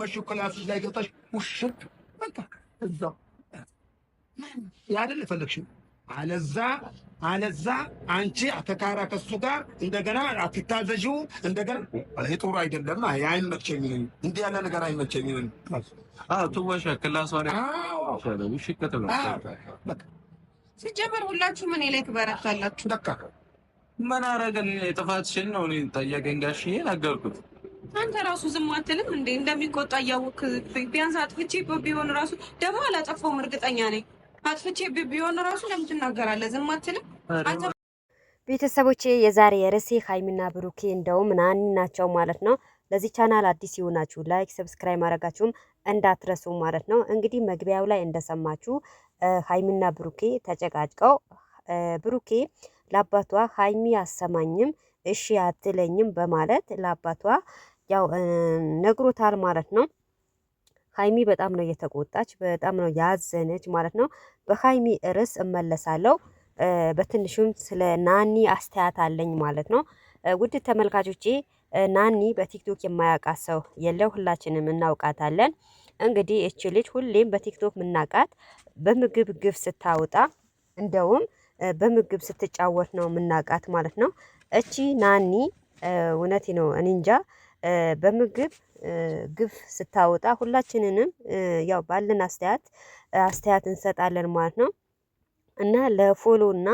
መሽ እኮ ላፍሽ ላይ ገብታሽ ውሽቅ በቃ እዛው ያደል የፈለግሽው። አለዛ አለዛ አንቺ አተካራ ከሱ ጋር እንደገና አትታዘዥው። እንደገና ጥሩ አይደለም። አይመቸኝ እንዲህ ያለ ነገር አይመቸኝ። ትወሻ ክላሷ ሲጀመር ሁላችሁም እኔ ላይ ትበረታላችሁ። በቃ ምን አረገን? ጥፋትሽን ነው ጠየቀኝ። ጋሽዬ ነገርኩት አንተ ራሱ ዝም አትልም እንዴ? እንደሚቆጣ እያወቅ ቢያንስ አጥፍቼ ቢሆን ራሱ ደግሞ አላጠፋውም፣ እርግጠኛ ነኝ። አጥፍቼ ቢሆን ራሱ ለምን ትናገራለህ? ዝም አትልም። ቤተሰቦቼ የዛሬ የርሴ ሀይሚና ብሩኬ እንደውም ናኒ ናቸው ማለት ነው። ለዚህ ቻናል አዲስ ይሆናችሁ ላይክ፣ ሰብስክራይብ ማድረጋችሁም እንዳትረሱ ማለት ነው። እንግዲህ መግቢያው ላይ እንደሰማችሁ ሀይሚና ብሩኬ ተጨቃጭቀው ብሩኬ ለአባቷ ሀይሚ አሰማኝም እሺ አትለኝም በማለት ለአባቷ ያው ነግሮታል ማለት ነው። ሀይሚ በጣም ነው የተቆጣች፣ በጣም ነው ያዘነች ማለት ነው። በሀይሚ ርዕስ እመለሳለሁ። በትንሹም ስለ ናኒ አስተያየት አለኝ ማለት ነው። ውድ ተመልካቾቼ ናኒ በቲክቶክ የማያውቃት ሰው የለው ሁላችንም እናውቃታለን። እንግዲህ እች ልጅ ሁሌም በቲክቶክ ምናውቃት በምግብ ግፍ ስታወጣ እንደውም በምግብ ስትጫወት ነው የምናውቃት ማለት ነው። እቺ ናኒ እውነቴ ነው እኔ እንጃ በምግብ ግፍ ስታወጣ ሁላችንንም ያው ባለን አስተያየት አስተያየት እንሰጣለን ማለት ነው እና ለፎሎ እና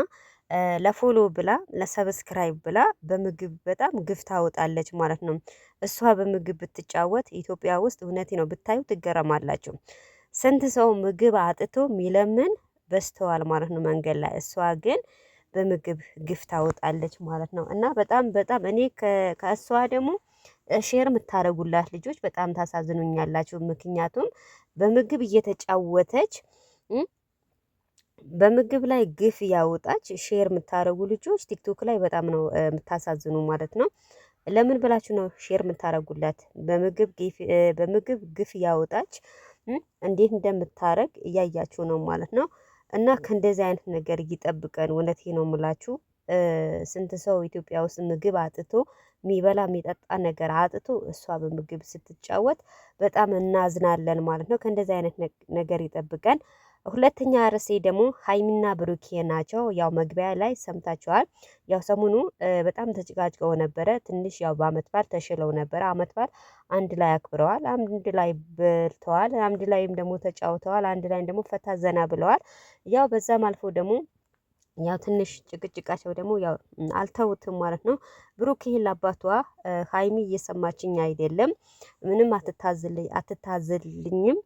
ለፎሎ ብላ ለሰብስክራይብ ብላ በምግብ በጣም ግፍ ታወጣለች ማለት ነው። እሷ በምግብ ብትጫወት ኢትዮጵያ ውስጥ እውነቴ ነው ብታዩ ትገረማላችሁ። ስንት ሰው ምግብ አጥቶ ሚለምን በስተዋል ማለት ነው መንገድ ላይ። እሷ ግን በምግብ ግፍ ታወጣለች ማለት ነው እና በጣም በጣም እኔ ከእሷ ደግሞ ሼር የምታደርጉላት ልጆች በጣም ታሳዝኑኛላችሁ። ምክንያቱም በምግብ እየተጫወተች በምግብ ላይ ግፍ ያወጣች ሼር የምታደርጉ ልጆች ቲክቶክ ላይ በጣም ነው የምታሳዝኑ ማለት ነው። ለምን ብላችሁ ነው ሼር የምታደርጉላት? በምግብ ግፍ ያወጣች እንዴት እንደምታረግ እያያችሁ ነው ማለት ነው። እና ከእንደዚህ አይነት ነገር ይጠብቀን። እውነቴ ነው የምላችሁ። ስንት ሰው ኢትዮጵያ ውስጥ ምግብ አጥቶ የሚበላ የሚጠጣ ነገር አጥቶ እሷ በምግብ ስትጫወት በጣም እናዝናለን ማለት ነው። ከእንደዚህ አይነት ነገር ይጠብቀን። ሁለተኛ ርዕሴ ደግሞ ሀይሚና ብሩኬ ናቸው። ያው መግቢያ ላይ ሰምታችኋል። ያው ሰሞኑ በጣም ተጭቃጭቀው ነበረ። ትንሽ ያው በአመት በዓል ተሽለው ነበረ። አመት በዓል አንድ ላይ አክብረዋል፣ አንድ ላይ በልተዋል፣ አንድ ላይም ደግሞ ተጫውተዋል፣ አንድ ላይም ደግሞ ፈታ ዘና ብለዋል። ያው በዛም አልፎ ደግሞ ያው ትንሽ ጭቅጭቃቸው ደግሞ ያው አልተውትም ማለት ነው። ብሩክ ይህን ለአባቷ ሀይሚ እየሰማችኝ አይደለም፣ ምንም አትታዝልኝም፣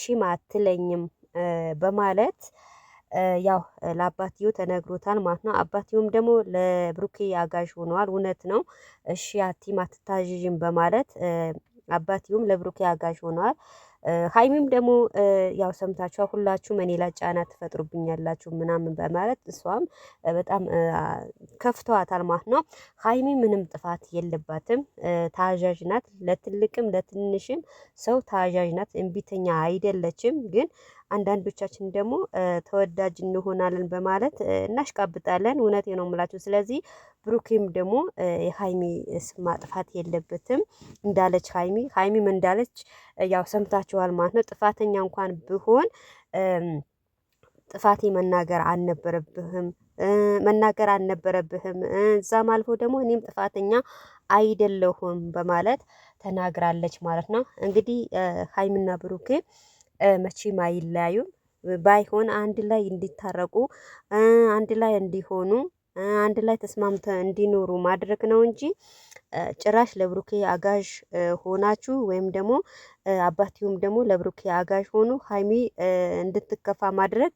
ሺም አትለኝም በማለት ያው ለአባትየው ተነግሮታል ማለት ነው። አባትየውም ደግሞ ለብሩኬ አጋዥ ሆነዋል። እውነት ነው። እሺ አቲም አትታዥዥም በማለት አባትየውም ለብሩኬ አጋዥ ሆነዋል። ሀይሚም ደግሞ ያው ሰምታችኋ ሁላችሁም እኔ ላይ ጫና ትፈጥሩብኛላችሁ ምናምን በማለት እሷም በጣም ከፍተዋታል ማለት ነው። ሀይሚ ምንም ጥፋት የለባትም። ታዛዥ ናት። ለትልቅም ለትንሽም ሰው ታዣዥ ናት። እምቢተኛ አይደለችም። ግን አንዳንዶቻችን ደግሞ ተወዳጅ እንሆናለን በማለት እናሽቃብጣለን። እውነቴ ነው የምላችሁ። ስለዚህ ብሩኬም ደግሞ የሀይሚ ስም ማጥፋት የለበትም እንዳለች ሀይሚ ሀይሚም እንዳለች ያው ሰምታችኋል ማለት ነው። ጥፋተኛ እንኳን ብሆን ጥፋቴ መናገር አልነበረብህም መናገር አልነበረብህም። እዛም አልፎ ደግሞ እኔም ጥፋተኛ አይደለሁም በማለት ተናግራለች ማለት ነው። እንግዲህ ሀይሚና ብሩኬ መቼም አይለያዩም። ባይሆን አንድ ላይ እንዲታረቁ አንድ ላይ እንዲሆኑ አንድ ላይ ተስማምተው እንዲኖሩ ማድረግ ነው እንጂ ጭራሽ ለብሩኬ አጋዥ ሆናችሁ ወይም ደግሞ አባትዮም ደግሞ ለብሩኬ አጋዥ ሆኑ ሀይሚ እንድትከፋ ማድረግ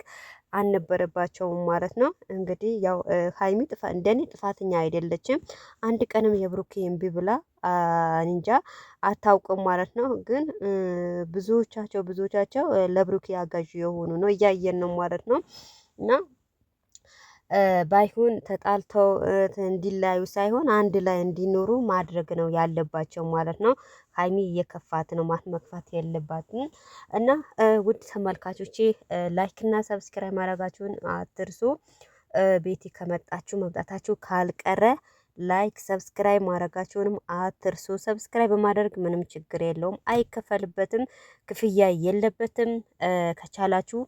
አልነበረባቸውም ማለት ነው። እንግዲህ ያው ሀይሚ እንደኔ ጥፋተኛ አይደለችም። አንድ ቀንም የብሩኬ እምቢ ብላ እንጃ አታውቅም ማለት ነው። ግን ብዙዎቻቸው ብዙዎቻቸው ለብሩኬ አጋዥ የሆኑ ነው እያየን ነው ማለት ነው እና ባይሆን ተጣልተው እንዲለያዩ ሳይሆን አንድ ላይ እንዲኖሩ ማድረግ ነው ያለባቸው ማለት ነው። ሀይሚ እየከፋት ነው ማት መክፋት የለባትም። እና ውድ ተመልካቾቼ ላይክና እና ሰብስክራይብ ማድረጋችሁን አትርሱ። ቤቴ ከመጣችሁ መምጣታችሁ ካልቀረ ላይክ ሰብስክራይብ ማድረጋችሁንም አትርሱ። ሰብስክራይብ በማድረግ ምንም ችግር የለውም፣ አይከፈልበትም፣ ክፍያ የለበትም። ከቻላችሁ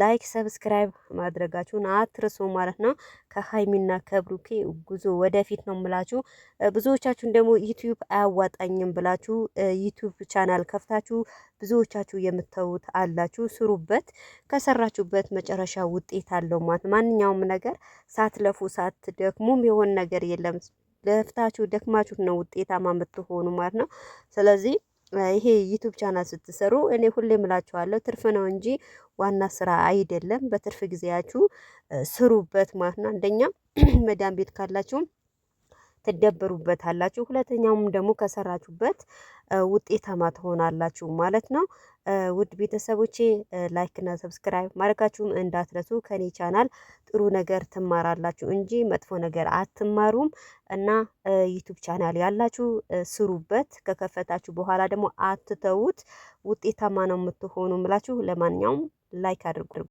ላይክ ሰብስክራይብ ማድረጋችሁን አትርሱ ማለት ነው። ከሀይሚና ከብሩኬ ጉዞ ወደፊት ነው ምላችሁ። ብዙዎቻችሁን ደግሞ ዩቲዩብ አያዋጣኝም ብላችሁ ዩቲዩብ ቻናል ከፍታችሁ ብዙዎቻችሁ የምተዉት አላችሁ። ስሩበት፣ ከሰራችሁበት መጨረሻ ውጤት አለው ማለት ማንኛውም ነገር ሳትለፉ ሳትደክሙም የሆን ነገር የለም። ለፍታችሁ ደክማችሁ ነው ውጤታማ የምትሆኑ ማለት ነው። ስለዚህ ይሄ ዩቲዩብ ቻናል ስትሰሩ እኔ ሁሌ ምላችኋለሁ፣ ትርፍ ነው እንጂ ዋና ስራ አይደለም። በትርፍ ጊዜያችሁ ስሩበት ማለት ነው። አንደኛ መዳን ቤት ካላችሁም ትደበሩበታላችሁ። ሁለተኛውም ደግሞ ከሰራችሁበት ውጤታማ ትሆናላችሁ ማለት ነው። ውድ ቤተሰቦቼ ላይክ እና ሰብስክራይብ ማድረጋችሁም እንዳትረሱ። ከኔ ቻናል ጥሩ ነገር ትማራላችሁ እንጂ መጥፎ ነገር አትማሩም እና ዩቱብ ቻናል ያላችሁ ስሩበት። ከከፈታችሁ በኋላ ደግሞ አትተዉት። ውጤታማ ነው የምትሆኑ ምላችሁ። ለማንኛውም ላይክ አድርጉ።